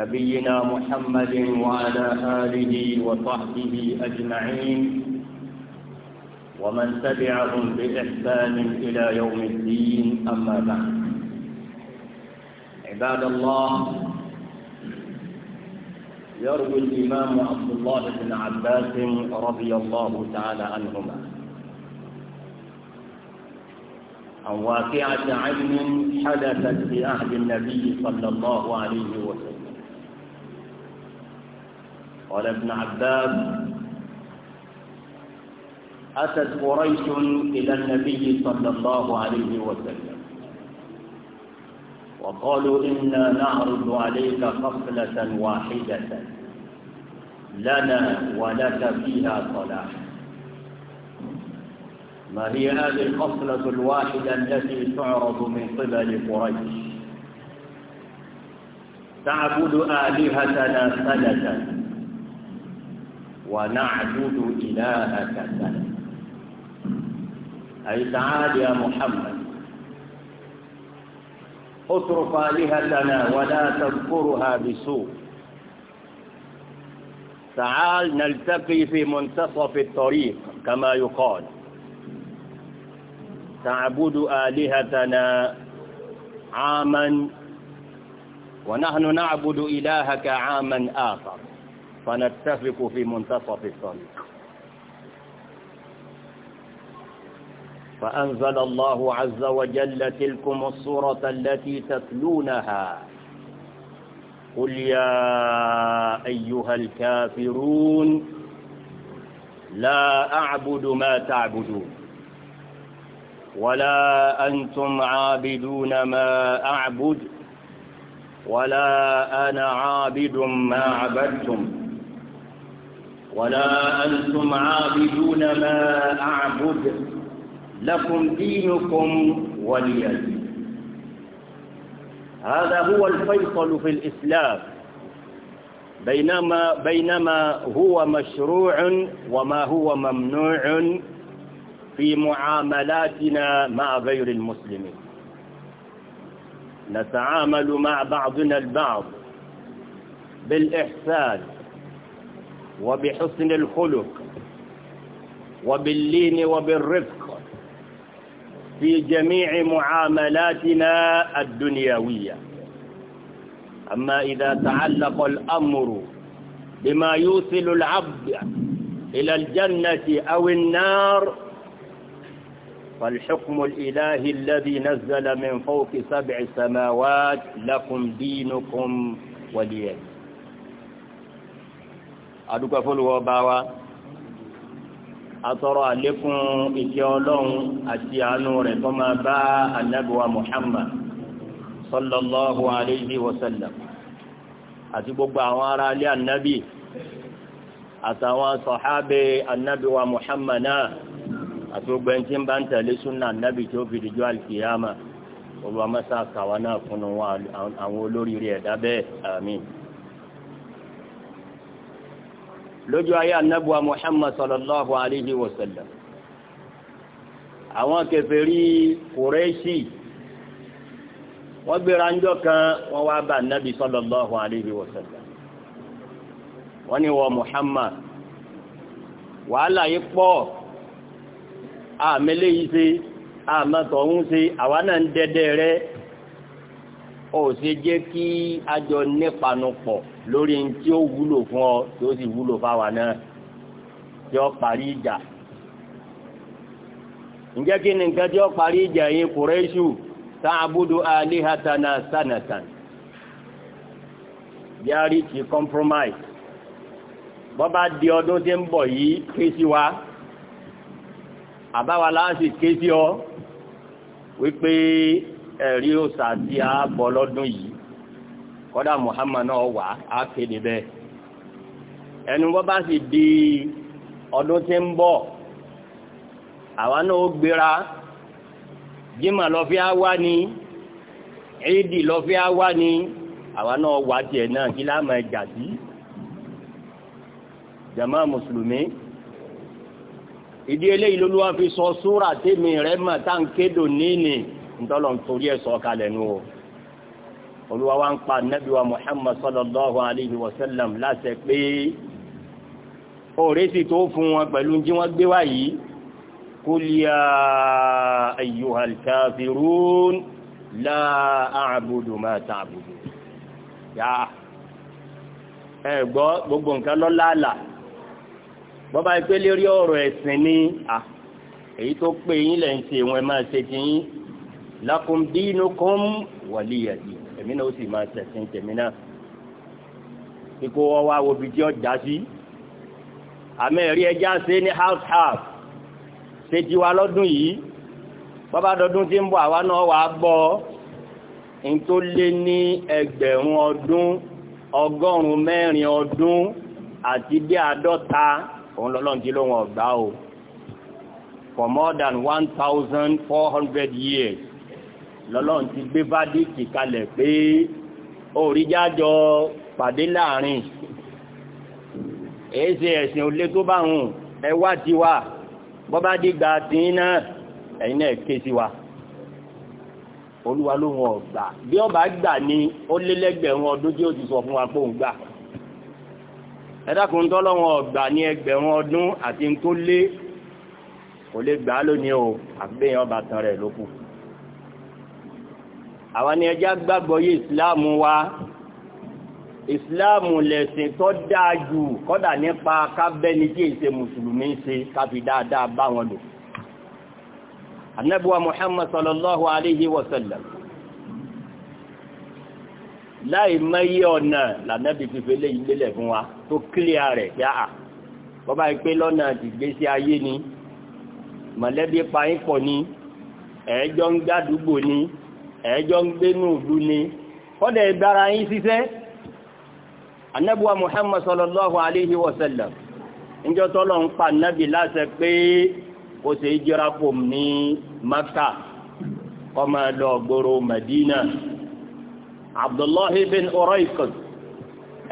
نبينا محمد وعلى آله وصحبه أجمعين ومن تبعهم بإحسان إلى يوم الدين أما بعد عباد الله يروي الإمام عبد الله بن عباس رضي الله تعالى عنهما عن واقعة عين حدثت في عهد النبي صلى الله عليه وسلم قال ابن عباس أتت قريش إلى النبي صلى الله عليه وسلم وقالوا إنا نعرض عليك خصلة واحدة لنا ولك فيها صلاح ما هي هذه الخصلة الواحدة التي تعرض من قبل قريش تعبد آلهتنا ثلثا ونعبد إلهك سلم أي تعال يا محمد اترك آلهتنا ولا تذكرها بسوء تعال نلتقي في منتصف الطريق كما يقال تعبد آلهتنا عاما ونحن نعبد إلهك عاما آخر فنتفق في منتصف الطريق فأنزل الله عز وجل تلكم الصورة التي تتلونها قل يا أيها الكافرون لا أعبد ما تعبدون ولا أنتم عابدون ما أعبد ولا أنا عابد ما عبدتم ولا أنتم عابدون ما أعبد لكم دينكم ولي دين هذا هو الفيصل في الإسلام بينما بينما هو مشروع وما هو ممنوع في معاملاتنا مع غير المسلمين نتعامل مع بعضنا البعض بالإحسان وبحسن الخلق وباللين وبالرفق في جميع معاملاتنا الدنيوية أما إذا تعلق الأمر بما يوصل العبد إلى الجنة أو النار فالحكم الإلهي الذي نزل من فوق سبع سماوات لكم دينكم وليدين adúpẹ́ fọlùwọ́ bá wa atọrọ àlékún ìkẹ́ ọlọ́run àti àánú rẹ̀ tó máa bá anábìwá Muhammad sallallahu alayhi wa sallam àti gbogbo àwọn ará alẹ́ anábì àtàwọn sọ̀hábẹ́ anábìwá Muhammad náà àti gbogbo ẹni tí ń bá ń tẹ̀lé súnà anábì tó fi dìjọ́ alkiyama olùwàmọ́sá kàwa fún àwọn olóríire ẹ̀dá bẹ́ẹ̀ lójú ayé anábùwà Muhammad sallallahu alayhi wa sallam àwọn kèfèrí kùrẹ́ṣì wọ́n gbéra ńjọ́ kan wọ́n wá bá nábi sallallahu alayhi wa sallam wọ́n ní wọ Muhammad wàhálà yìí pọ̀ àmẹ́lẹ́ yìí ṣe àmọ́tọ̀ ń ṣe àwa náà ń dẹ́dẹ́ rẹ̀ ó ṣe jẹ́ kí àjọ nípanu pọ̀ lórí ní tí ó wúlò fún ọ tí ó sì wúlò fáwa náà tí ó parí ìjà ǹjẹ́ kí ni nǹkan tí ó parí ìjà yìí kùrẹ́ṣù ta'budu alihatana sanatan yàrí ti compromise bọ́ bá di ọdún tí ń bọ̀ yìí ké sí wa àbáwa láti ké sí ọ wípé ẹ̀rí òsà tí a bọ̀ lọ́dún yìí kọ́dà Muhammad náà wà á kéde bẹ́ẹ̀ ẹnu bọ́ bá sì di ọdún tí ń bọ̀ àwa náà ó gbéra jimá lọ́fíà wá ní éèdì lọ́fíà wá ní àwa náà wà tiẹ̀ náà kí láàmú ẹjà sí jama mùsùlùmí ìdí eléyìí lolúwa fi sọ súrà tèmi rẹ mà tá à kédò níní ntọ́lọ̀ nítorí ẹ̀ sọ kalẹ̀ nu o olúwa wa ń pa nabi wa muhammad sallallahu alayhi wa sallam láṣẹ pé òrèsì tó fún wọn pẹ̀lú tí wọ́n gbé wá yìí qul ya ayyuhal kafirun la a'budu ma ta'budu ya ẹ gbọ́ gbogbo nǹkan lọ́la àlà bọ́ba ọ̀rọ̀ ẹ̀sìn ni èyí tó pé yín lẹ́yìn tí wọ́n máa ṣe ti yín lakum dinukum waliya din èmi náà ó sì máa ṣẹ̀sìn tèmi náà kíkó wọ́n wá tí ó já sí àmì ẹ̀rí ẹjá ṣe ní half half ṣe ti wa lọ́dún yìí bọ́bá tí ń bọ̀ àwa náà wà gbọ́ n tó lé ní ẹgbẹ̀rún ọdún ọgọ́rùn-ún mẹ́rin ọdún àti bí àádọ́ta òun lọ́lọ́run tí lóun ọ̀gbá o for more than one thousand four hundred years lọ́lọ́run ti gbé fádìkì kalẹ̀ pé òrìjájọ pàdé láàrin èyí ṣe ẹ̀sìn olé tó bá hùn ẹwà tiwa bọ́bá dìgbà tí náà ẹ̀yin náà ké sí wa olúwa ló wọn ọgbà bí ọba gbà ní ó lé lẹ́gbẹ̀rún ọdún tí ó ti sọ fún wa pé òun gbà ẹ̀dàkùn tọ́lọ́wọ́n ọgbà ní ẹgbẹ̀rún ọdún àti tó lé kò lè gbà lónìí o àgbéyàn ọba tán rẹ̀ lókùn àwọn ni ẹjá gbàgbọ́ yí ìsìláàmù wa ìsìláàmù lẹ̀sìn tó dáa jù kọ́dà nípa kábẹ́ni tí èsè mùsùlùmí ṣe káfi dáadáa bá wọn lò anábíwá Muhammad sallallahu alayhi wa sallam láì mẹ́yẹ ọ̀nà lànàbí fífẹ́ lè ilélẹ̀ fún wa tó kílíà rẹ̀ yáà bọ́bá ipé lọ́nà ti gbé sí ayé ni mọ̀lẹ́bí pa ń pọ̀ ni ẹ̀ẹ́jọ́ ń gbádùgbò ni ẹ̀ẹ́jọ́ ń gbé ní òdú ni kọ́dẹ̀ ìdára yín ṣiṣẹ́ anábíwá muhammad sallallahu alayhi wa sallam níjọ́ tọ́lọ̀ ń pa nábì láṣẹ pé kò ṣe ìjọra pò ní makka ọmọ ẹ̀lọ́ gbòòrò madina abdullahi bin uraykut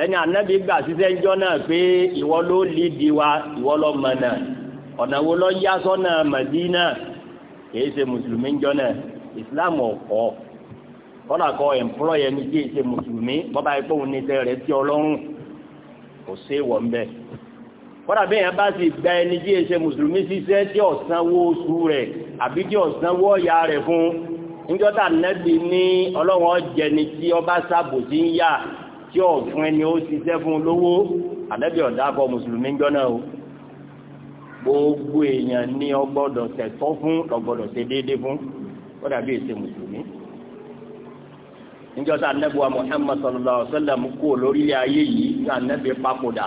ẹni anábì gbà ṣiṣẹ́ ń jọ náà pé ìwọ ló lè di wa ìwọ lọ mọ̀ ọ̀nà wo lọ yá sọ́nà madina kìí ṣe mùsùlùmí ń náà islam ọ̀kọ́ kọ́dà kọ́ ẹ̀mplọ́yẹ̀ ní kí èsè mùsùlùmí bọ́bá ipò ní tẹ́ rẹ̀ tí ọlọ́run kò sí wọ̀ ń bẹ̀ kọ́dà bẹ́ẹ̀ yẹn bá sì gba ẹni kí èsè mùsùlùmí ṣiṣẹ́ tí ọ̀sánwó oṣù rẹ̀ àbí tí ọ̀sánwó ọ̀yà rẹ̀ fún níjọ́tà nẹ́bí ní ọlọ́run ọ̀jẹ̀ni tí ọba sábò sí ń yà tí ọ̀fun ẹni ó ṣiṣẹ́ fún lówó àdẹ́bí ọ̀dà kọ mùsùlùmí ń jọ́nà o gbogbo èèyàn ní ọgbọ́dọ̀ tẹ̀tọ́ fún ọgbọ́dọ̀ ṣe fún kódà bí èsè mùsùlùmí níjọ́ tá ọmụ wa muhammad sallallahu alaihi wa sallam kú lórí ayé yìí ní anabi papòdà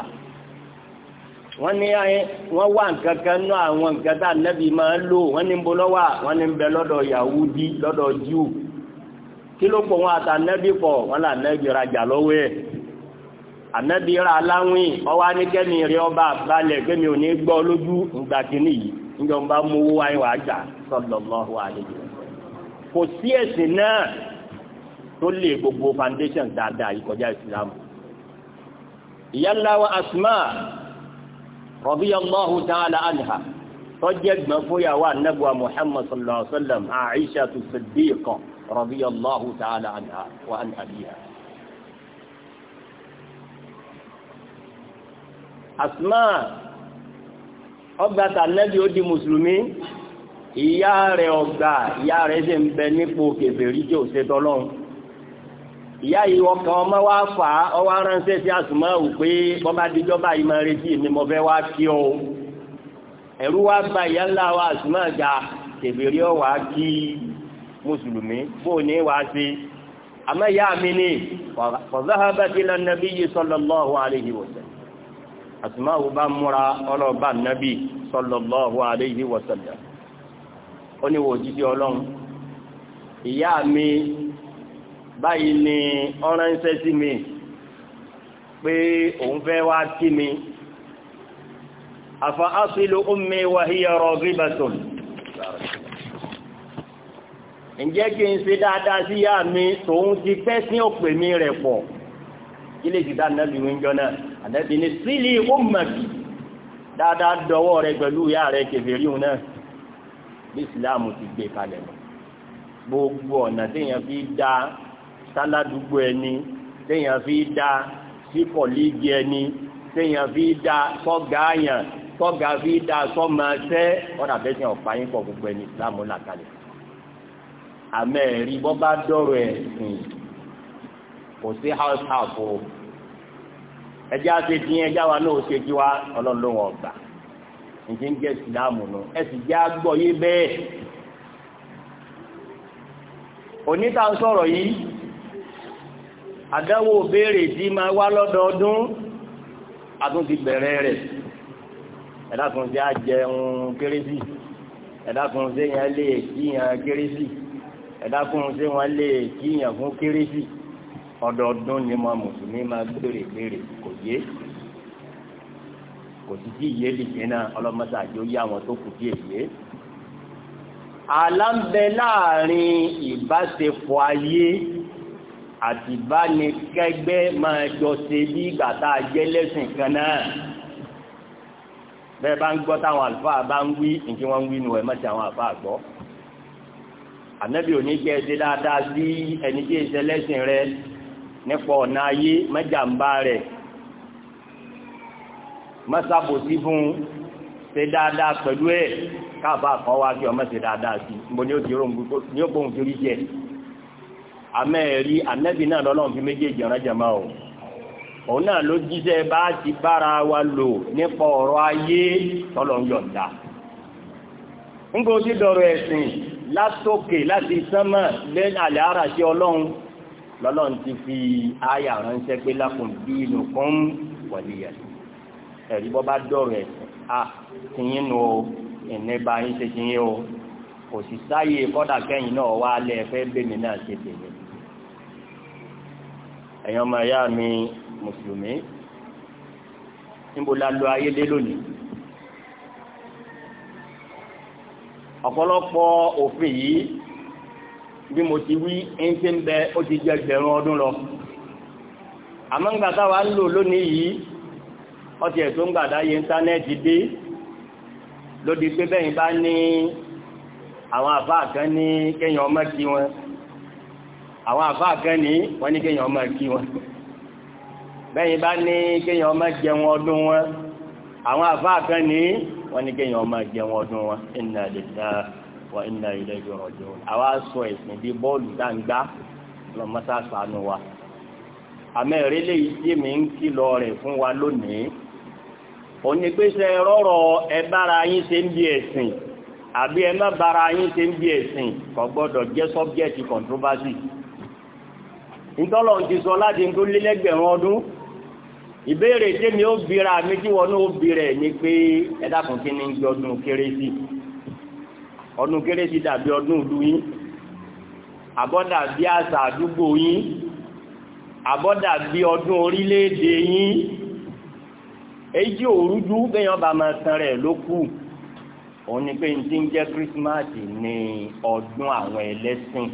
wọ́n ní wọ́n náà àwọn nǹkan tá máa ń lò wọ́n ní wọ́n ní bẹ lọ́dọ̀ lọ́dọ̀ kí ló pọ̀ wọn pọ̀ wọ́n là rajà lọ́wọ́ ẹ̀ ra aláwìn ọwọ́ rí ọba balẹ̀ pé ò ní gbọ́ lójú ìgbà kìíní yìí kò sí ẹ̀sìn náà tó lè gbogbo foundation dáadáa yìí kọjá ìsìlámù ìyáláwa asma radiyallahu ta'ala anha tọ́jẹ́ gbọ́n fúyàwó anábùwà muhammad sallallahu alaihi wa sallam aisha tu siddiqa radiyallahu ta'ala anha wa an abiha. asma ọgbà tà ó di mùsùlùmí ìyá rẹ̀ ọ̀gbà ìyá rẹ̀ sì ń bẹ nípò kèfèrí jò ṣe tọ́lọ́run ìyá yìí ọkàn ọmọ wa fà á ọwọ́ aránṣẹ́ sí àsùnmọ́ ò pé bọ́bá díjọba yìí máa retí mi mo fẹ́ wá kí o ẹ̀rú wa ba ìyá ńlá wa àsùnmọ́ àjà kèfèrí ọ̀wá kí mùsùlùmí fóun ní wàá sí àmọ́ ìyá mi ni fadhahabat ila nabiyyi sallallahu alayhi wa sallam àsùnmọ́ ò bá múra ọlọ́ọ̀bá nàbí sallallahu alayhi wa ó ní wò jíjí ọlọ́run ìyá mi báyìí ni ọ̀ránṣẹ́ sí mi pé òun fẹ́ wá kí mi afa asilu ummi wa hiya raghibatun ǹjẹ́ kí n ṣe dáadáa sí ìyá mi tòun ti pẹ́ sí òpè mi rẹ̀ pọ̀ kí lè ti dá nẹ́bí wíńjọ náà àdẹ́bí ni sílì ó mọ̀ dáadáa dọwọ́ rẹ̀ pẹ̀lú ìyá rẹ̀ kèfèrí òun náà bí ìsìláàmù ti gbé kalẹ̀ lọ gbogbo ọ̀nà téèyàn fi dá sáládùúgbò ẹni téèyàn fi dá síkọ̀líìgì ẹni téèyàn fi dá sọ́gà àyàn sọ́gà fi dá sọ́mọṣẹ́ ọ̀nà àbẹ́sẹ̀ ọ̀pá yín pọ̀ gbogbo ẹni ìsìláàmù là kalẹ̀ àmẹ́ẹ̀rí bọ́ bá dọ̀rọ̀ ẹ̀sìn kò sí house house o ẹjẹ́ àti tiẹ̀ ẹjẹ́ wa náà ṣe kí wa ọlọ́run ló wọ̀ gbà ǹjẹ́ ń jẹ́ ìsìlámù nù ẹ sì jẹ́ agbọ́yé bẹ́ẹ̀. oníta ń sọ̀rọ̀ yìí àdáwò béèrè tí máa wá lọ́dọọdún àtún ti bẹ̀rẹ̀ rẹ̀ ẹ̀dàkùn sí àjẹun kérésì ẹ̀dàkùn sí yẹn lè kíyàn kérésì ẹ̀dàkùn sí wọn lè kíyàn fún kérésì ọdọọdún ni mo mùsùlùmí máa béèrè béèrè kò yé kò sí tí ìyé dìde náà ọlọ́mọdé àjò yá wọn tó kù díẹ̀ yé. àlá ń bẹ láàrin ìbáṣepọ̀ ayé àti ìbánikẹ́gbẹ́ máa jọ ṣe bí ìgbà tá a jẹ́ lẹ́sìn kan náà. bẹ́ẹ̀ bá ń gbọ́ táwọn àlùfáà bá ń wí nǹkí wọ́n wí nu ẹ̀ mọ́tì àwọn àlùfáà gbọ́. ànábì ò ní kẹ́ ẹ ṣe dáadáa sí ẹni tí ẹ rẹ nípa ọ̀nà ayé mẹ́jàmbá rẹ̀ mọ́sàbòsí fún ṣe dáadáa pẹ̀lú ẹ̀ káàbà kan wá kí ọmọ ṣe dáadáa sí mo ní ó ti ròǹgbò ní ó gbóhùn torí jẹ àmẹ́ ẹ̀rí ànẹ́bí náà lọ́lọ́run fi méjèèjì ọ̀rẹ́ jẹ máa o òun náà ló jíṣẹ́ bá ti bára wa lò nípa ọ̀rọ̀ ayé tọ́lọ̀ ń yọ̀ǹda ńgbò tí dọ̀rọ̀ ẹ̀sìn látòkè láti sánmà lẹ́nà àlẹ́ ara sí ẹ̀rí bọ́ bá dọ̀rọ̀ ẹ̀ à tìyín nu o ìníba yín ṣe ti yín o kò sì sáyè kọ́dà kẹ́yìn náà wá lẹ́ fẹ́ bèmí náà ṣe tèmi. ẹ̀yin ọmọ ìyá mi mùsùlùmí níbo la lo ayé lé lónìí. ọ̀pọ̀lọpọ̀ òfin yìí bí mo ti wí ń ti ń bẹ ó ti jẹ ẹgbẹ̀rún ọdún lọ àmọ́ ńgbà táwa ń lò lónìí yìí ọtí ẹ̀ tó ń gbàdá yẹ íńtánẹ́ẹ̀tì dé lódi pé bẹ́yìn bá ní àwọn àfáà kan ní kéèyàn ọmọ kí wọn àwọn àfáà kan ní wọ́n ní kéèyàn ọmọ kí wọn bẹ́yìn bá ní kéèyàn ọmọ jẹun ọdún wọn àwọn àfáà ní wọ́n ní kéèyàn ọmọ jẹun ọdún wọn inna lillahi wa inna ilayhi raji'un àwa sọ ẹ̀sìn bíi bọ́ọ̀lù dáńgbá lọ́mọ́sá sànù wa àmẹ́rẹ́lẹ́yìí tí mi ń kí lọ rẹ̀ fún wa lónìí òní pé ṣe rọ́rọ̀ ẹbára yín ṣe ń bí ẹ̀sìn àbí ẹ bára yín ṣe ń bí ẹ̀sìn kò gbọ́dọ̀ jẹ́ subject controversy ìtọ́lọ̀ ti sọ láti ń tó lélẹ́gbẹ̀rún ọdún ìbéèrè ó mi tí wọn ó bira ẹ̀ ni pé ẹ èyí tí òrújú bẹ́yàn bá máa tan rẹ̀ ló kù òun ni pé n jẹ́ Christmas ní ọdún àwọn ẹlẹ́sìn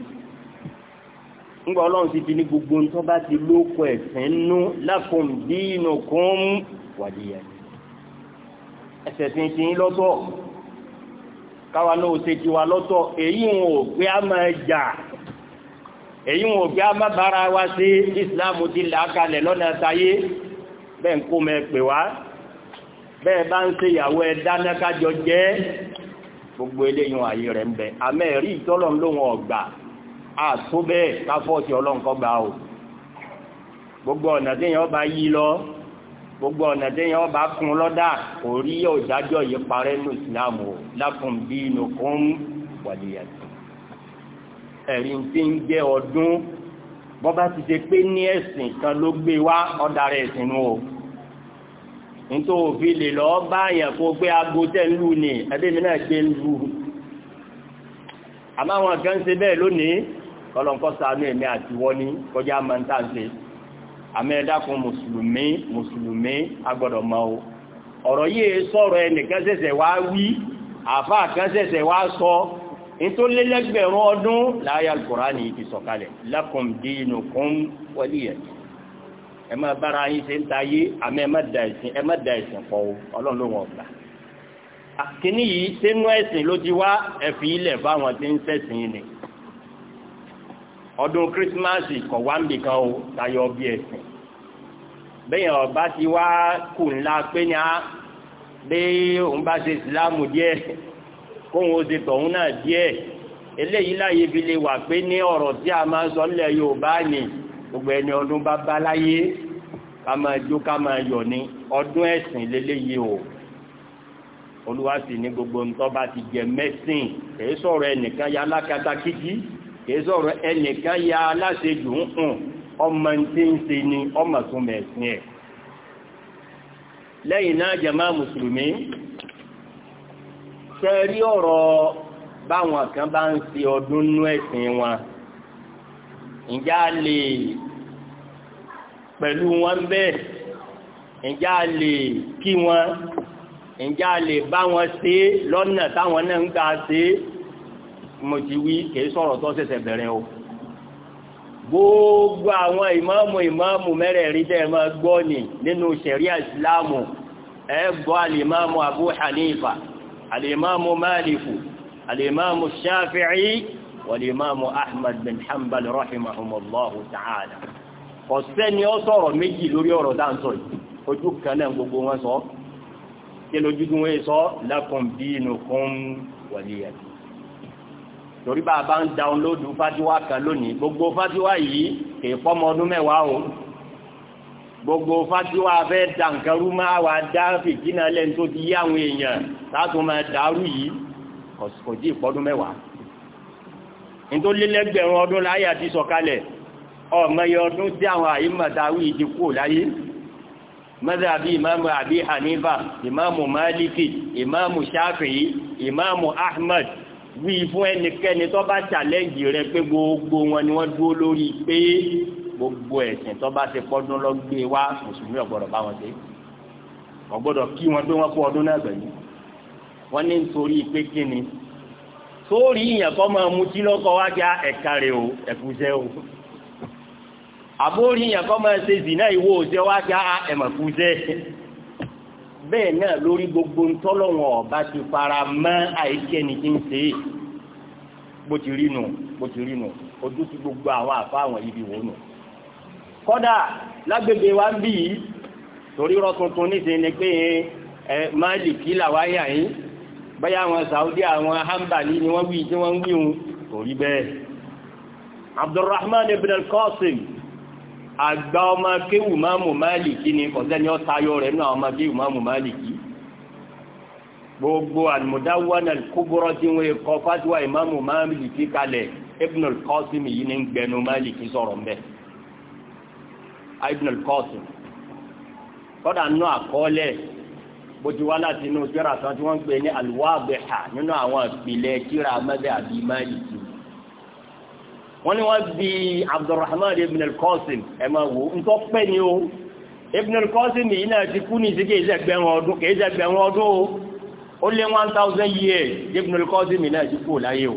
ńgbà ọlọ́run ti di ní gbogbo ń tó bá ti lóko ẹ̀sìn nú lakum dinukum waliya ẹsẹ̀ tí ń ti ń lọ́tọ̀ káwa náà ṣe tiwa lọ́tọ̀ èyí wọn ò pé a máa jà èyí wọn ò pé a máa bára wa ṣe Islam ti là á kalẹ̀ lọ́nà sáyé bẹ́ẹ̀ ń kó mẹ́ pè wá bẹ́ẹ̀ bá ń ṣe ìyàwó ẹ dáná kájọ jẹ́ gbogbo eléyìn ààyè rẹ̀ ń bẹ àmẹ́ rí ìtọ́lọ́n lóhun ọ̀gbà àtó bẹ́ẹ̀ káfọ́ọ̀tì ọlọ́nkọ́ gbà o gbogbo ọ̀nà téèyàn bá yí lọ gbogbo ọ̀nà téèyàn bá kún lọ́dà kò rí òdájọ́ yìí parẹ́ ní Islam o lakum dinukum waliyadin ẹ̀rí tí ń jẹ́ ọdún bọ́bá ti ṣe pé ní ẹ̀sìn kan ló gbé wá ọ̀dà rẹ̀ sínú o nítorí òfin lè lọ bá àyàn kó pé aago tẹ́ ń lù ní ẹbí mi náà ṣe ń lù àmọ́ àwọn kan ṣe bẹ́ẹ̀ lónìí kọlọ́nkọ́ sànú ẹ̀mí àti wọ́ní kọjá máa ń tà ń ṣe àmọ́ ẹ dákun mùsùlùmí mùsùlùmí agbọ́dọ̀ mọ́ o ọ̀rọ̀ yìí sọ̀rọ̀ ẹnìkan ṣẹ̀ṣẹ̀ wá wí àfa ẹ má bára yín ṣe ń ta yé àmọ́ ẹ má da ẹ̀sìn ẹ má da ẹ̀sìn pọ̀ o ọlọ́run ló wọ̀n gbà. àkíní yìí sínú ẹ̀sìn ló ti wá ẹ̀fì ilẹ̀ fáwọn tí ń ṣẹ̀sìn ni ọdún kírísímàsì kọ̀ wá ń bìkan o tayọ bí ẹ̀sìn bẹ́yìn ọba ti wá kù ńlá pé ní a bí òun bá ṣe ìsìláàmù díẹ̀ kóhun ó ṣe tọ̀hún náà díẹ̀ eléyìí láyé fi lè wà pé ní ọ̀rọ̀ tí a máa sọ nílẹ̀ Yorùbá nìyí gbogbo ẹni ọdún bá bá láyé ká máa jó ká máa yọ̀ ní ọdún ẹ̀sìn lélẹ́yìí o olúwa sì ní gbogbo ntọ́ bá ti jẹ mẹ́sìn kìí sọ̀rọ̀ ẹnìkan ya alákatakítí kìí sọ̀rọ̀ ẹnìkan ya aláṣejù ń hùn ọmọ tí ń ṣe ni ọmọ tún mẹ̀sìn ẹ̀ lẹ́yìn náà jàmá mùsùlùmí ṣe ọ̀rọ̀ báwọn kan bá ń ṣe ọdún nú ẹ̀sìn wọn ǹjẹ́ a lè pẹ̀lú wọn bẹ́ẹ̀ ǹjẹ́ a lè kí wọn ǹjẹ́ a lè bá wọn ṣe lọ́nà táwọn náà ń gbà ṣe mo ti wí kìí sọ̀rọ̀ tó ṣẹ̀ṣẹ̀ bẹ̀rẹ̀ o gbogbo àwọn ìmáàmù ìmáàmù mẹ́rẹ̀ẹ̀rin tẹ́ ẹ gbọ́ ni nínú ṣẹ̀ríà ìsìláàmù ẹ gbọ́ alìmáàmù Abu Hanifa alìmáàmù Maliku wàlímàmù ahmed bin hanbal rahimahumullahu ta'ala ọ̀sẹ́ni ó sọ̀rọ̀ méjì lórí ọ̀rọ̀ dáńtọ̀ yìí ojú kan náà كلو جدو sọ kí lójú tí wọ́n sọ lakum dinukum waliya torí bá a bá ń dáwọ́nlódù fájúwá kan lónìí gbogbo fájúwá yìí kì í pọ́mọ ọdún mẹ́wàá o gbogbo fájúwá fẹ́ dànkarú máa wà dá fìdí náà tó ti yí àwọn èèyàn látò máa yìí kò ìpọ́dún mẹ́wàá nítòlélẹ́gbẹ̀rún ọdún láyé àti sọ̀kalẹ̀ ọmọye ọdún tí àwọn àyímọ̀tàwí ti kú láyé mọ́sàbí ìmáàmù àbí hanifa ìmáàmù maliki ìmáàmù shafi'i ìmáàmù ahmad wí fún ẹnikẹ́ni tó bá challenge rẹ pé gbogbo wọn ni wọ́n dúró lórí pé gbogbo ẹ̀sìn tó bá ti pọ́dún lọ́gbé wá mùsùlùmí ọ̀gbọ́dọ̀ bá wọn dé ọ̀gbọ́dọ̀ kí wọn pé wọ́n kú ọdún náà gbẹ̀yìn wọ́n ní nítorí pé kíni tó rí ìyàn kọ́ máa mutí lọ́kọ́ wá já ẹ̀ka rẹ̀ o ẹ̀kúṣẹ́ o àbórí ìyàn kọ́ ṣe ìwò òṣẹ́ wá bẹ́ẹ̀ náà lórí gbogbo ntọ́lọ́wọ̀n ọba ti fara mọ́ àìkẹ́ni tí ń ṣe ojú gbogbo ibi wa báyà àwọn Saudi àwọn Hanbali ni wọ́n wí tí wọ́n wí hun kò rí bẹ́ẹ̀ Abdurrahman ibn al-Qasim àgbà ọmọ kéwù máàmù Málìkì ni kọ̀sẹ́ni ọ́tayọ rẹ̀ náà ọmọ kéwù máàmù Málìkì gbogbo al-Mudawwana tí wọ́n kọ fatiwa ìmáàmù Málìkì kalẹ̀ Ibn al-Qasim yìí ní gbẹnu Málìkì sọ̀rọ̀ mbẹ́ Ibn al-Qasim kọ́dà nù àkọọ́lẹ̀ bójú wá láti inú tíra kan tí wọ́n ń pè ní aluwaabeha nínú àwọn ìpìlẹ̀ tíra amẹ́bẹ́ àbí máìlìkì. wọ́n ní wọ́n bi abdulrahman ibn al-qasim ẹ̀ máa wò ń tọ́ pẹ́ ni o ibn al-qasim yìí náà ti kú ní sí kì í ṣẹgbẹ̀rún ọdún kì í ṣẹgbẹ̀rún ọdún o ó lé one thousand years ibn al-qasim náà ti kú láyé o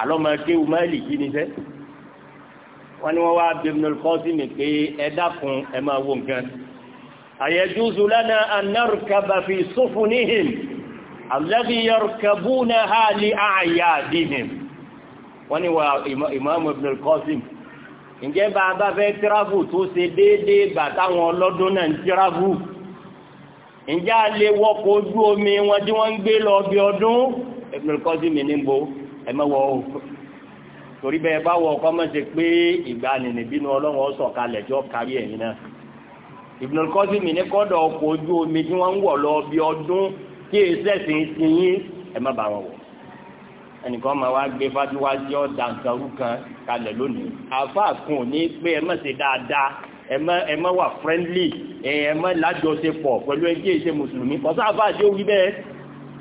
alọ́mọdé máìlìkì ni sẹ́ wọ́n ní wọ́n wá ibn al-qasim pé ẹ dákun ẹ máa wò nǹkan. أيجوز لنا أن نركب في سفنهم الذي يركبونها لأعيادهم wọ́n ni wà Imam Ibn al-Qasim ǹjẹ́ bá a bá fẹ́ tíráfù tó ṣe déédéé gbà táwọn ọlọ́dún náà ń tíráfù ǹjẹ́ a lè wọkọ̀ ojú omi wọn tí wọ́n ń gbé lọ bí ọdún Ibn al-Qasim ní bo ẹ̀mẹ́wọ̀ o torí bẹ́ẹ̀ bá wọ ọkọ mọ̀ ṣe pé ìgbà nìyẹn bínú Ọlọ́run ó sọ̀kalẹ̀ tí ó kárí ẹ̀yìn náà Ibnul Qasim ní kọ́dọ̀ ọkọ̀ ojú omi tí wọ́n ń wọ̀ lọ bí ọdún kí èsẹ̀ sì ń sin yín ẹ má bàa wọn wọ̀ ẹnìkan máa wá gbé fatiwa jẹ́ ọ̀dà nǹkanrú kan kalẹ̀ lónìí àáfàá kan ò ní pé ẹ má ṣe dáadáa ẹ má ẹ má wà friendly ẹ má lájọṣepọ̀ pẹ̀lú ẹgbẹ́ kí èsẹ̀ mùsùlùmí kọ́sá àáfàá tí ó wí bẹ́ẹ̀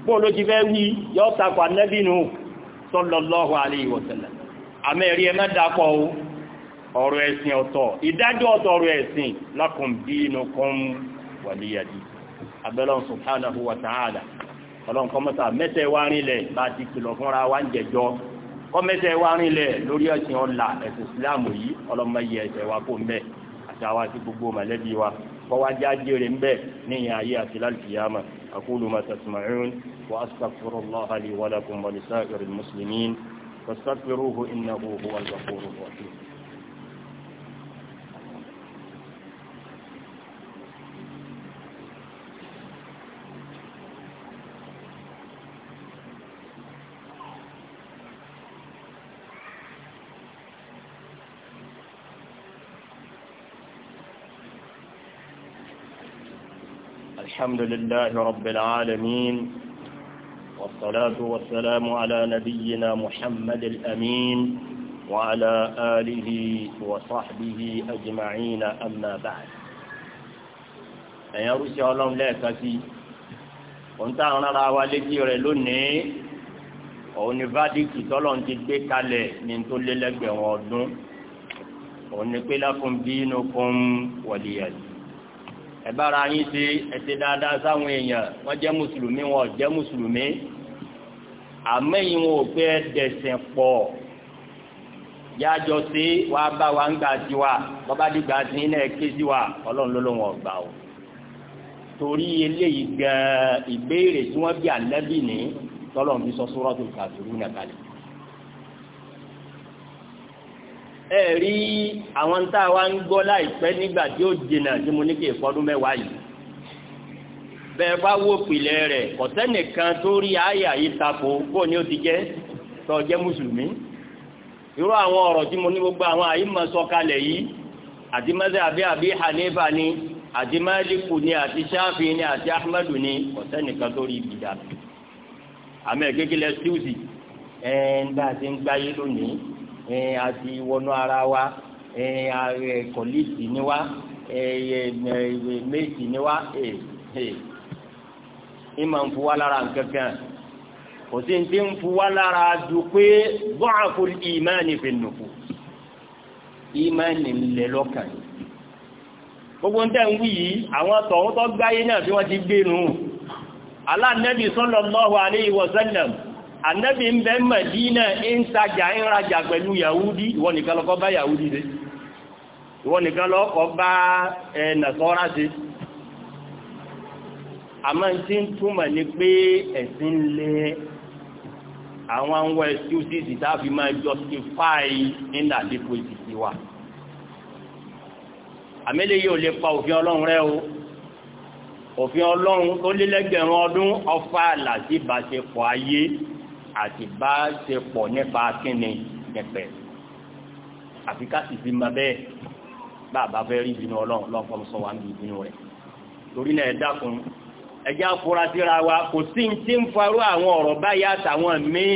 pọ́ ló ti fẹ́ wí yọ ọ́ takọ̀ anẹ́bínú sallallahu alaihi wasallam àmẹ́rí ẹ má dákọ̀ o ọ̀rọ̀ ẹ̀sìn ọ̀tọ̀ ìdájọ́ ọ̀tọ̀ ọ̀rọ̀ ẹ̀sìn lakum dinukum waliyadi abẹ́lọ́n subhanahu wa ta'ala ọlọ́run kọ́mọ́tà mẹ́tẹ̀ wá rinlẹ̀ bá ti kìlọ̀ fúnra wa أقول ما تسمعون وأستغفر الله لي ولكم ولسائر المسلمين فاستغفروه إنه هو الغفور الرحيم الحمد لله رب العالمين والصلاة والسلام على نبينا محمد الأمين وعلى آله وصحبه أجمعين أما بعد ẹ̀yàn rúṣẹ́ ọlọ́run lẹ́ẹ̀kan sí òun táwọn ará wa létí rẹ̀ lónìí òun ni vádìkì tọ́lọ́run ti gbé kalẹ̀ ní tó lé lẹ́gbẹ̀rún ọdún òun ni pé lakum dinukum waliyadin ẹ bára yín ṣe ẹ ṣe dáadáa sáwọn èèyàn wọ́n jẹ́ mùsùlùmí wọn jẹ́ mùsùlùmí àmẹ́yìn wọn ò pé ẹ dẹ̀sẹ̀ pọ̀ yájọ sí wàá bá wa ń gbà sí wa bọ́bá dìgbà sí iná ẹ sí wa ọlọ́run ló ló wọn gbà o torí eléyìí gan ìbéèrè tí wọ́n bí ànábì tọ́lọ́run fi sọ sórọ́tò kàdúrú nàkàlẹ̀ ẹ rí àwọn tá a wá ń gbọ́ láìpẹ́ nígbà tí ó dènà tí mo ní kí ìfọdún mẹ́wàá yìí bẹ́ẹ̀ bá wó pìlẹ̀ rẹ̀ ọ̀tẹ́nìkan tó rí àyà yìí tako bó ni ó ti jẹ́ tó jẹ́ mùsùlùmí irú àwọn ọ̀rọ̀ tí mo ní gbogbo àwọn àyímọ̀ sọ kalẹ̀ yìí àti mẹ́sẹ̀ àbí àbí hanifa ni àti mẹ́líkù ni àti sáfì ni àti ahmadu ni ọ̀tẹ́nìkan tó rí ìbìdà àmì ẹ̀kékèlè ṣíwùsì ẹ̀ ń bá a ti ń gbáyé lónìí àti wọnú ara wa kọ̀líìsì ni wa méjì ni wa ìmọ̀ ń fu wa lára nkankan kò sí ní ń fu wa lára ju pé bọ́ọ̀fù ìmánì fi nùkú ìmánì ńlẹ̀ lọ́kàn yìí gbogbo ń ń wí àwọn tọ̀hún tó gbáyé náà bí wọ́n ti gbé nù alánẹ́bí sallallahu alaihi wa sallam ànábì ń bẹ Mẹdínà ń tajà ń rajà pẹ̀lú Yahudi ìwọ nìkan lọ́kọ́ bá Yahudi dé ìwọ nìkan lọ́kọ́ bá ẹ nàṣọ́ra dé àmọ́ tí ń túmọ̀ ní pé ẹ̀sìn lé àwọn àwọn excuses tàbí máa justify nínú àdínkù ìsìsì wa àmẹ́lẹ̀ yìí ò lè pa òfin ọlọ́run rẹ o òfin ọlọ́run tó lé ọdún ọfà làtí ayé àti bá ṣe pọ̀ nípa kíni nípẹ̀ àfi ká sì fi máa bẹ́ẹ̀ bàbá fẹ́ rí ìbínú ọlọ́run ọlọ́run fọmọ sọ wà ń bí ìbínú rẹ̀ torí náà ẹ dákun ẹjẹ́ afurasíra wa kò sí ní tí ń farú àwọn ọ̀rọ̀ báyìí àtàwọn míì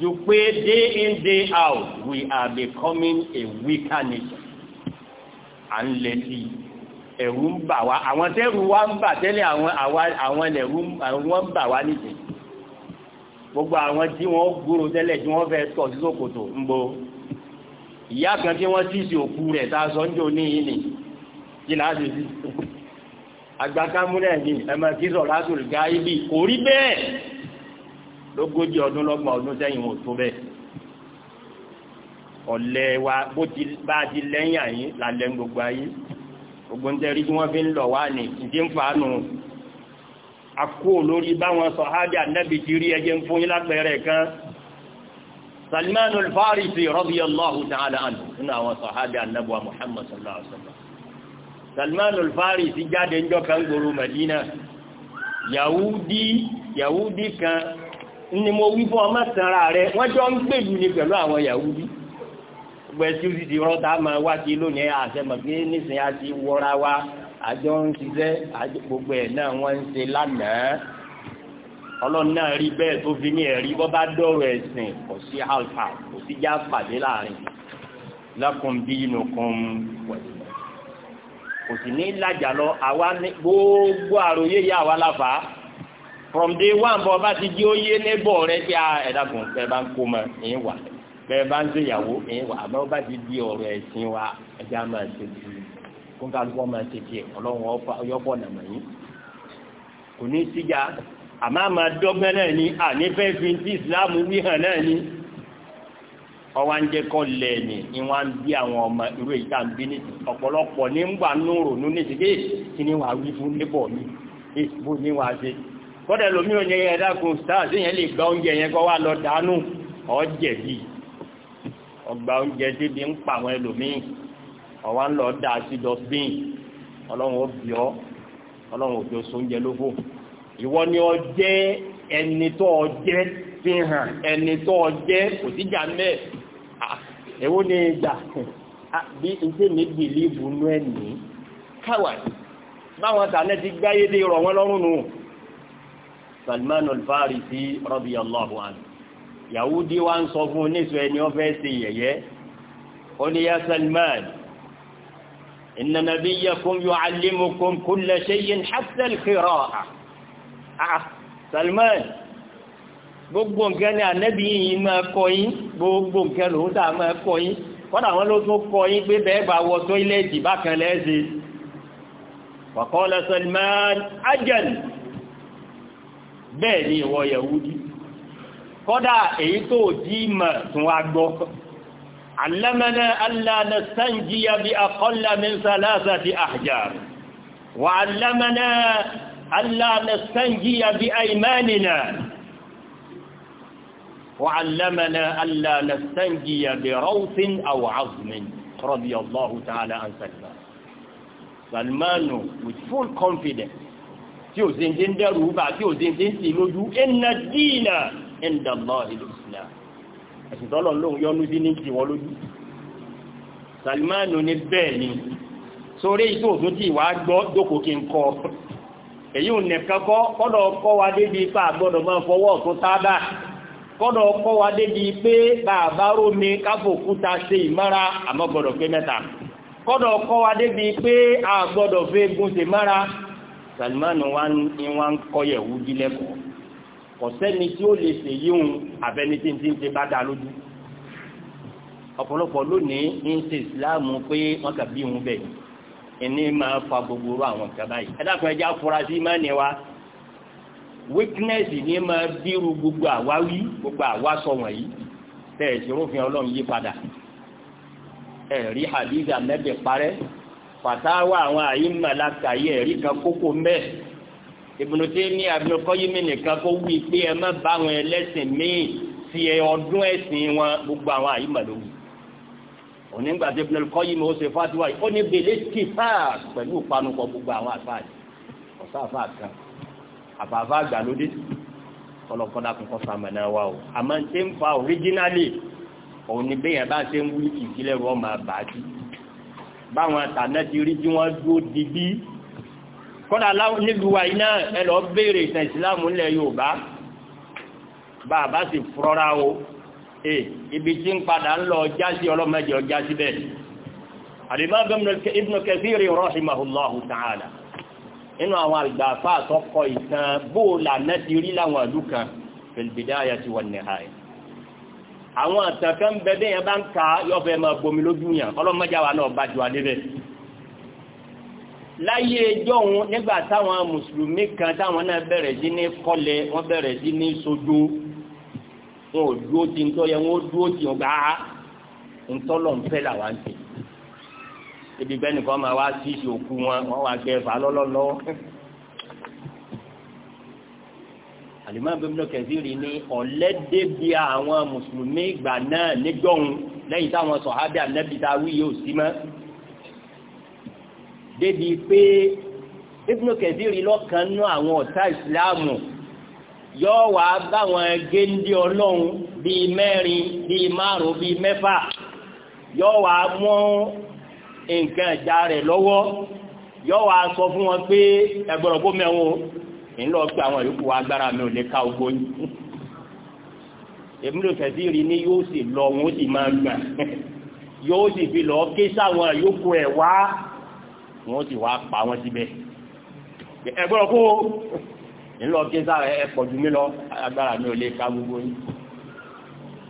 ju pé day in day out we are becoming a weaker nation à ń lè sí ẹ̀rù ń bà wá àwọn tẹ́rù wa ń bà tẹ́lẹ̀ àwọn ẹ̀rù ń bà wá nìyẹn gbogbo àwọn tí wọ́n gbúrò tẹ́lẹ̀ tí wọ́n fẹ́ tọ̀ sí ṣòkòtò ń bo ìyá kan tí wọ́n tíìsì òkú rẹ̀ tá a sọ ń jò ní yìí nì kí láà ṣe sí agbákámúlẹ̀ ní ẹmọ kí sọ̀rọ̀ látòrí ga ibi kò rí bẹ́ẹ̀ lógójì ọdún lọ́gbọ̀n ọdún sẹ́yìn wọn tó bẹ́ẹ̀ ọ̀lẹ́ wa bó ti bá ti lẹ́yìn àyín lálẹ́ gbogbo ayé gbogbo ń tẹ́rí tí wọ́n fi ń lọ̀ wá ní ìdí ń fa nù àkó lórí báwọn sọ̀hábí ànábì ti rí ẹjẹ́ ń fún yí lápẹẹrẹ kan Salman al-Farisi radiyallahu ta'ala anhu nínú àwọn sọ̀hábí ànábì wa Muhammad sallallahu alaihi wasallam Salman al-Farisi jáde ń jọ kan gbòòrò Madina Yahudi Yahudi kan ni mo wí fún ọmọ sanra rẹ wọ́n jọ àjọ ń ṣiṣẹ́ gbogbo ẹ̀ náà wọ́n ń ṣe lánàá ọlọ́run náà rí bẹ́ẹ̀ tó fi ní ẹ̀rí bọ́ bá dọ̀rọ̀ ẹ̀sìn kò sí alfa kò sí já pàdé láàrin lakum dinukum wẹ̀sìn kò sì ní lájà lọ àwa ní gbogbo àròyé yá àwa láfa from day one bọ́ bá ti jí ó yé nébọ̀ rẹ kí a ah, ẹ̀dàgùn bẹ́ẹ̀ bá ń kó mọ ẹ̀yìn wà bá ń ṣèyàwó ẹ̀yìn àmọ́ bá ti di ọ̀rọ̀ ẹ̀sìn wa ẹ̀já máa ṣe kiri kó kálukọ́ máa ṣe tiẹ̀ ọlọ́run ọyọ́bọ̀ nàmọ̀ yìí kò ní síjà àmọ́ àmọ́ dọ́gbẹ́ náà ni àní fẹ́ fi ti ìsìláàmù wí hàn náà ni ọwọ́ ń jẹ́ kọ́ lẹ̀ ni ni wọ́n ń bí àwọn ọmọ irú ìta ń bí nìsí ọ̀pọ̀lọpọ̀ ní ń gbà ń rònú nìsí pé kí ni wàá wí fún níbọ̀ mi bó ní wàá ṣe kọ́dà lómi ò ní ẹ̀dá kun sáà sí yẹn lè gba oúnjẹ yẹn kọ́ wá lọ dànù ọ̀jẹ̀bi ọgbà oúnjẹ débi ń pa àwọn ẹlòmíì ọ̀wá ń lọ da sí dọ́sbìn ọlọ́run ó bì ọ́ ọlọ́run ò fi oṣù oúnjẹ lóko ìwọ ni ọ jẹ́ ẹni tó ọ jẹ́ fi hàn ẹni tó ọ jẹ́ kò sí jà mẹ́ èwo ni ìjà bí iṣẹ́ mi bìlíìbù nú ẹ̀ ní káwàdì báwọn tààlẹ́ ti gbáyé dé rọ̀ wọ́n lọ́rùn nù Salman al-Farisi radiyallahu anhu Yahudi wa ń sọ fún oníṣẹ́ ẹni ọ fẹ́ ṣe yẹ̀yẹ́ ó ní Salman إن نبيكم يعلمكم كل شيء حتى القراءة سلمان gbogbo nǹkan ni ànẹ́bí yìí máa kọ́ yín gbogbo nǹkan ló ń tà máa kọ́ yín kọ́nà àwọn ló tún kọ́ yín pé bẹ́ẹ̀ bá wọ tó ilé ìdì bákan lẹ́ẹ̀ṣe wàkọ́lẹ̀ Salman ajẹ́l bẹ́ẹ̀ ni ìwọ Yahudi kọ́dà èyí tó dí mọ̀ tún wá علمنا ألا نستنجي بأقل من ثلاثة أحجار وعلمنا ألا نستنجي بأيماننا وعلمنا ألا نستنجي بروث أو عظم رضي الله تعالى عن سلمان سلمان with full confidence tí ò sí dẹ́rù bá tí ò sí sí lójú إن الدين عند الله الإسلام ẹ̀sìn tọ́lọ̀ lóun yọnu sí ní ìwọ lójú Salmanu ní bẹ́ẹ̀ ni sórí ìtò òtún tí ìwà gbọ́ dókò kí n kọ èyí ò nẹ̀kan kọ́ kọ́dọ̀ kọ́ wa débi ipá gbọ́dọ̀ máa fọwọ́ ọ̀tún tábà kọ́dọ̀ kọ́ wa débi pé bàbá rómi káfòkúta ṣe ìmára àmọ́ gbọ́dọ̀ pé mẹ́ta kọ́dọ̀ kọ́ wa débi pé a gbọ́dọ̀ fẹ́ gún ṣe mára Salmanu wa ń kọ́ dílẹ́kọ̀ọ́ ọ̀sẹ́ni tí ó lè ṣe yíhun abẹ́ni tí ń ti ń ṣe bá dá lójú ọ̀pọ̀lọpọ̀ lónìí ní ṣe ìsìláàmù pé wọ́n kà bí òun bẹ̀ ẹni máa fa gbogbo àwọn nǹkan báyìí ẹ dákun ẹja afurasí máa ní wa weakness ní máa bírú gbogbo àwáwí gbogbo àwásọ wọ̀nyí tẹ̀ ìṣòrófin ọlọ́run yí padà ẹ̀rí hadith amẹ́bẹ̀ parẹ́ fàtáwà àwọn àyínmọ̀ lákàyè ẹ̀rí kan kókó mẹ́ẹ̀ Ibnu Taymiyyah Ibnu Qayyim nìkan kó wí pé ẹ má bá àwọn ẹlẹ́sìn míì sí ọdún ẹ̀sìn wọn gbogbo àwọn àyímọ̀ ló wí onígbà tí Ibnu Qayyim ó ṣe fatiwa yìí ó ní bèlè tì fáà pẹ̀lú ìpanupọ̀ gbogbo àwọn àfáàjì ọ̀sáàfáà kan àfààfáà àgbàlódé ọlọ́kọ́dá kọ́kọ́ sàmànà wa o àmọ́ ṣe ń fa oríjínálì òun ni bẹ́yẹn bá ṣe ń wí ìdílé wọn máa báwọn àtàná kọ́dà nílùú wa iná ẹlọ béèrè ìtàn ìsìláàmù ilẹ̀ Yorùbá bàbá sì fúrọ́ra o e ibi tí ń padà ń lọ jásí ọlọ́mọdé ọjásí bẹ́ẹ̀ Al-Imam Ibn Kathir rahimahullahu ta'ala nínú àwọn àgbàfà àtọkọ ìtàn bóòlà náà ti rí láwọn ìlú kan fil bidayati wan nihaya àwọn àtàkàn bẹ́ẹ̀ bẹ́ẹ̀ láyé ẹjọ́ wọn nígbà táwọn mùsùlùmí kan táwọn náà bẹ̀rẹ̀ sí ní kọ́lẹ̀ wọ́n bẹ̀rẹ̀ sí ní sojú wọn ò dúró ti ńtọ́ yẹ wọn ó dúró ti wọn gbàá ńtọ́ lọ́n fẹ́ làwọn ń tẹ̀ ibi bẹ́ẹ̀ nìkan máa wá sí ìṣòkú wọn wọ́n wá gbẹ fà lọ́lọ́lọ́ àlùmọ́ bíbélì kẹ̀síìrì ni ọ̀lẹ́dẹ́ bí àwọn mùsùlùmí ìgbà náà níjọ́hun lẹ́yìn táwọn sọ̀hábíà nẹ́bí ta wí yóò débi pé Ibn Kathir lọ́kàn nú àwọn ọ̀tá ìsìláàmù yọ wà báwọn géńdé ọlọ́run bíi mẹ́rin bíi márùn bíi mẹ́fà yọ wà mú nǹkan ìjà rẹ̀ lọ́wọ́ yọ wà sọ fún wọn pé ẹgbọ́n kó mẹ́wọ́n ń lọ pé àwọn yòókù wa agbára mi ò lè ká ogbó yìí Ibn Kathir ni yóò sì lọ wọn ó sì máa gbà yóò sì fi lọ ké sáwọn yòókù ẹ̀ wá wọ́n ti wá pa wọ́n síbẹ̀ ẹgbọ́n kó ńlọ kí sára ẹ jù mí lọ agbára mi ò lè ka gbogbo yìí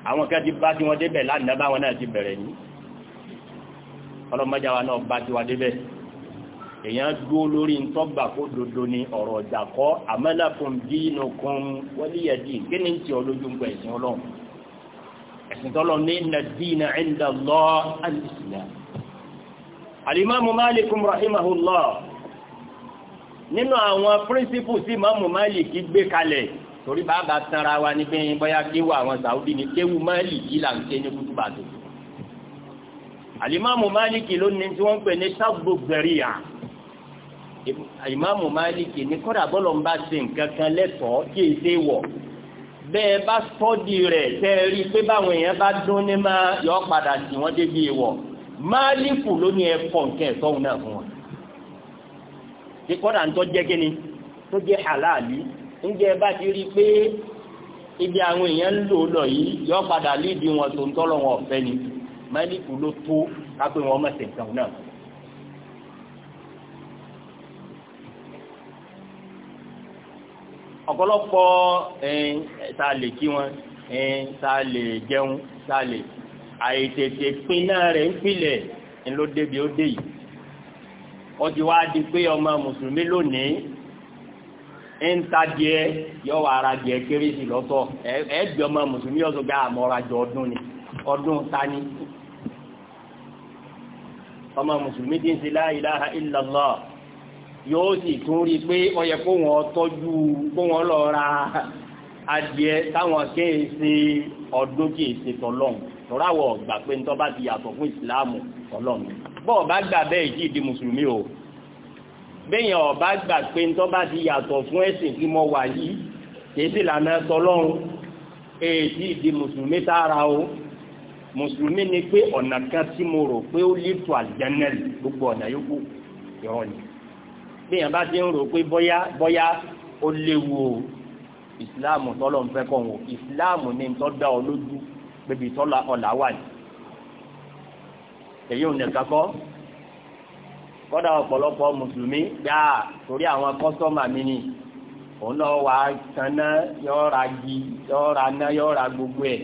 àwọn kan ti bá tí wọ́n débẹ̀ lánàá báwọn náà ti bẹ̀rẹ̀ ní ọlọ́mọdé náà bá tí wọ́n débẹ̀ èèyàn dúró lórí ntọ́gbà kó dodo ni ọ̀rọ̀ ọ̀jà kọ́ amẹ́lẹ́kùn dínú kan wọ́líyàdì kí ni ti ọlójú ń gba ẹ̀sìn ọlọ́run ẹ̀sìn tọ́lọ́ ní nàdínà ẹ̀ńdà lọ́ọ́ àlùsílẹ̀ alimamu malikum rahimahullah nínú àwọn píríncípù sí mamu maliki gbé kalẹ̀ torí bàbá tanra wa ní pé bóyá kéwù àwọn saudi ní kéwù maliki là ń ké ní kútùbà tó alimamu maliki ló ní tí wọ́n pè ní sábò gbẹ̀ríyà alimamu maliki ní kọ́dà bọ́lọ̀ ń bá ṣe nǹkan lẹ́tọ̀ọ́ kí èsè wọ̀ bẹ́ẹ̀ bá sọ́ọ́dì rẹ̀ tẹ́ pé báwọn èèyàn bá dún ní máa yọ padà sí wọ́n débi ìwọ̀ máàlíkù ló ní ẹ̀kọ́ nǹkan ẹ̀tọ́ òun náà fún wa ṣe kọ́dà ń tọ́ jẹ́ kí ni tó jẹ́ àláàlú ńjẹ́ bá ti rí pé ibi àwọn èèyàn ń lò lọ yìí yọ padà lídi wọn tó ń tọ́lọ̀ wọn ọ̀fẹ́ ni máàlíkù ló tó kápẹ́ wọn mọ̀sẹ̀ kan náà ọ̀pọ̀lọpọ̀ ẹ̀ ta lè kí wọn ẹ̀ ta lè jẹun ta lè àìtètè pin náà rẹ̀ ń pilẹ̀ ńlọ débi ó dé yìí ti wá di pé ọmọ mùsùlùmí lónìí ń ta díẹ̀ yọ wà ara díẹ̀ kérésì lọ́tọ̀ ẹ̀ẹ́dì ọmọ mùsùlùmí ọ̀sọ̀ gba àmọ́rajọ ọdún ni ọdún tani ọmọ mùsùlùmí ti ń ṣe yóò sì tún rí pé kó wọn tọ́jú kó wọn lọ ra adìẹ táwọn ọdún tọ́ra wọ̀ gbà pé ntọ́ bá ti yàtọ̀ fún ìsìláàmù ọlọ́run bọ́ọ̀ bá gbà bẹ́ẹ̀ jí di mùsùlùmí o bẹ́yìn ọ̀bá gbà pé ntọ́ bá ti yàtọ̀ fún ẹ̀sìn tí mo wà yìí kìí sì lànà tọlọ́run èyí di mùsùlùmí tààrà o mùsùlùmí ni pé ọ̀nà kan tí mo rò pé ó lè tó àjẹnẹ́lì gbogbo ọ̀nà yòókù ìrọ̀ ni bẹ́yìn bá ti ń rò pé bọ́yá ó léwu o ìsìláàmù tọ́lọ̀ bẹbí tọ́lá ọ̀là wà ní. èyí ò nìkan kọ́ kọ́dà ọ̀pọ̀lọpọ̀ mùsùlùmí dá torí àwọn kọ́sọ́mà mi ni òun náà wà á tanná yọ̀ọ́ra gi yọ̀ọ́ra ná yọ̀ọ́ra gbogbo ẹ̀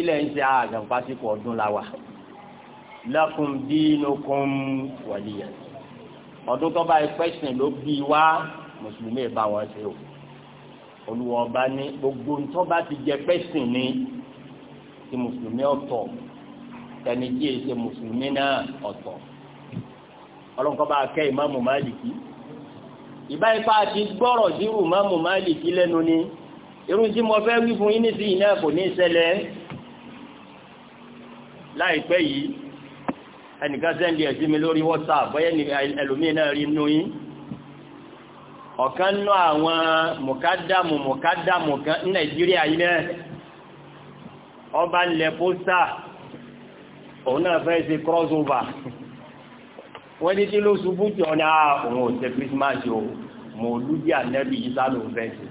ilẹ̀ ń ṣe àgànfàsíkò ọdún la wà lakum dinukum waliya ọdún tó bá ẹ̀pẹ́sìn ló bí wá mùsùlùmí bá wọn ṣe o olùwọ̀n ọba ní gbogbo tó bá ti jẹ pẹ́sìn ní ti mùsùlùmí ọ̀tọ̀ tẹni tí èyí ṣe mùsùlùmí náà ọ̀tọ̀ ọlọ́nkọ́ bá kẹ́ ìmáàmù máàlìkì ìbá ipá ti gbọ́rọ̀ sírù ìmáàmù máàlìkì lẹ́nu ni irú tí mo fẹ́ wí fún yín nísìnyí náà kò ní ṣẹlẹ̀ láìpẹ́ yìí ẹnìkan sẹ́ndì ẹ̀sí mi lórí WhatsApp bọ́yẹ́ ní ẹlòmíì náà rí nú yín ọ̀kan nú àwọn mùkádàmù mùkádàmù kan Nàìjíríà yìí náà ọba lẹ̀ pósítà òun náà fẹ́ ṣe crossover wọ́n ní kí ló ṣubú tí ọ̀nà òun ò ṣe Christmas o mo lúdí ànẹ́bí yìí sá ló ń fẹ́ ṣe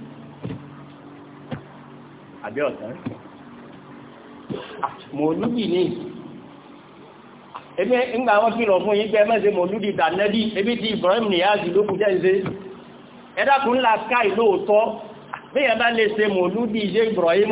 àbí ọ̀sán mo lúdí ní ebi ńgbà wọn kìlọ̀ fún yín pé mẹ́sẹ̀ mo lúdí tànẹ́bí ebi ti Ibrahim Niyazi ló kú jẹ́ǹṣe ẹ̀dàkùn ńlá sky lóòótọ́ bí ẹ bá lè ṣe mo lúdí ṣe Ibrahim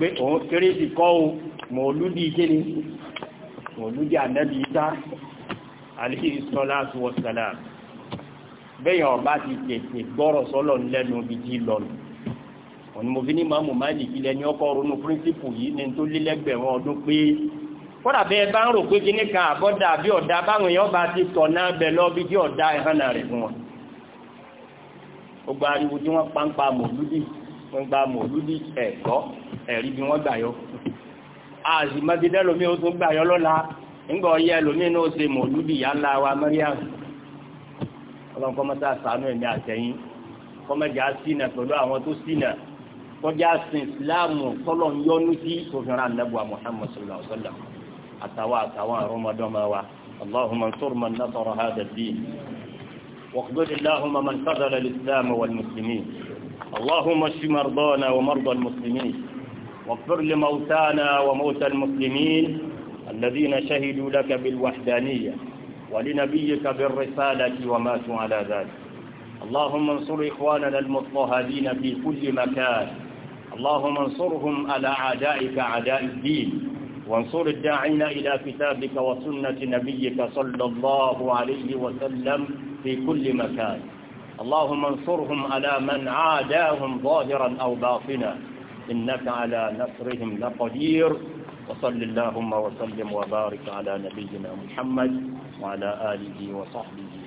pé òun kéré sí kọ́ o mọ̀lúdí kíni mọ̀lúdí ànábì Ìsá alayhi salatu bẹ́yàn ọba ti tètè gbọ́rọ̀ sọ́lọ̀ lẹ́nu ibi tí lọ́nu òní mo fi ní màmú máàlìkì lẹ́ni ọkọ̀ ronú píríncípù yìí ní tó lélẹ́gbẹ̀rún ọdún pé kódà bẹ́ẹ̀ bá ń rò pé kíní kan àbọ́dà bí ọ̀dà báwọn èèyàn bá ti tọ̀ náà bẹ̀ lọ bí kí ọ̀dà ìhànà rẹ̀ fún wọn. ó gba ariwo tí wọ́n pa ń pa mòlúdì wọ́n ẹ̀kọ́ ẹ̀rí bí wọ́n gbàyọ́ àzìmọ́bídẹ́ lomi ó tún gbàyọ́ lọ́la ńgbà ọyẹ́ lomi ní ó ṣe mọ̀lúdì yá ńlá wa Mariam ọlọ́run kọ́ mọ́tà sànú ẹ̀mí àtẹ̀yìn kọ́mẹ́jà sínà pẹ̀lú àwọn tó sínà kọjá sin Ìsìláàmù tọ́lọ̀ ń yọnu sí òfinra nàbùwà Muhammad sallallahu alaihi àtàwọn àtàwọn àrọ́mọdọ́mọ wa اللهم انصر من نصر اللهم من خذل الإسلام والمسلمين اللهم اشف مرضانا ومرضى المسلمين واغفر لموتانا وموتى المسلمين الذين شهدوا لك بالوحدانية ولنبيك بالرسالة وماتوا على ذلك اللهم انصر إخواننا المضطهدين في كل مكان اللهم انصرهم على أعدائك أعداء الدين وانصر الداعين إلى كتابك وسنة نبيك صلى الله عليه وسلم في كل مكان اللهم انصرهم على من عاداهم ظاهرا أو باطنا إنك على نصرهم لقدير وصل اللهم وسلم وبارك على نبينا محمد وعلى آله وصحبه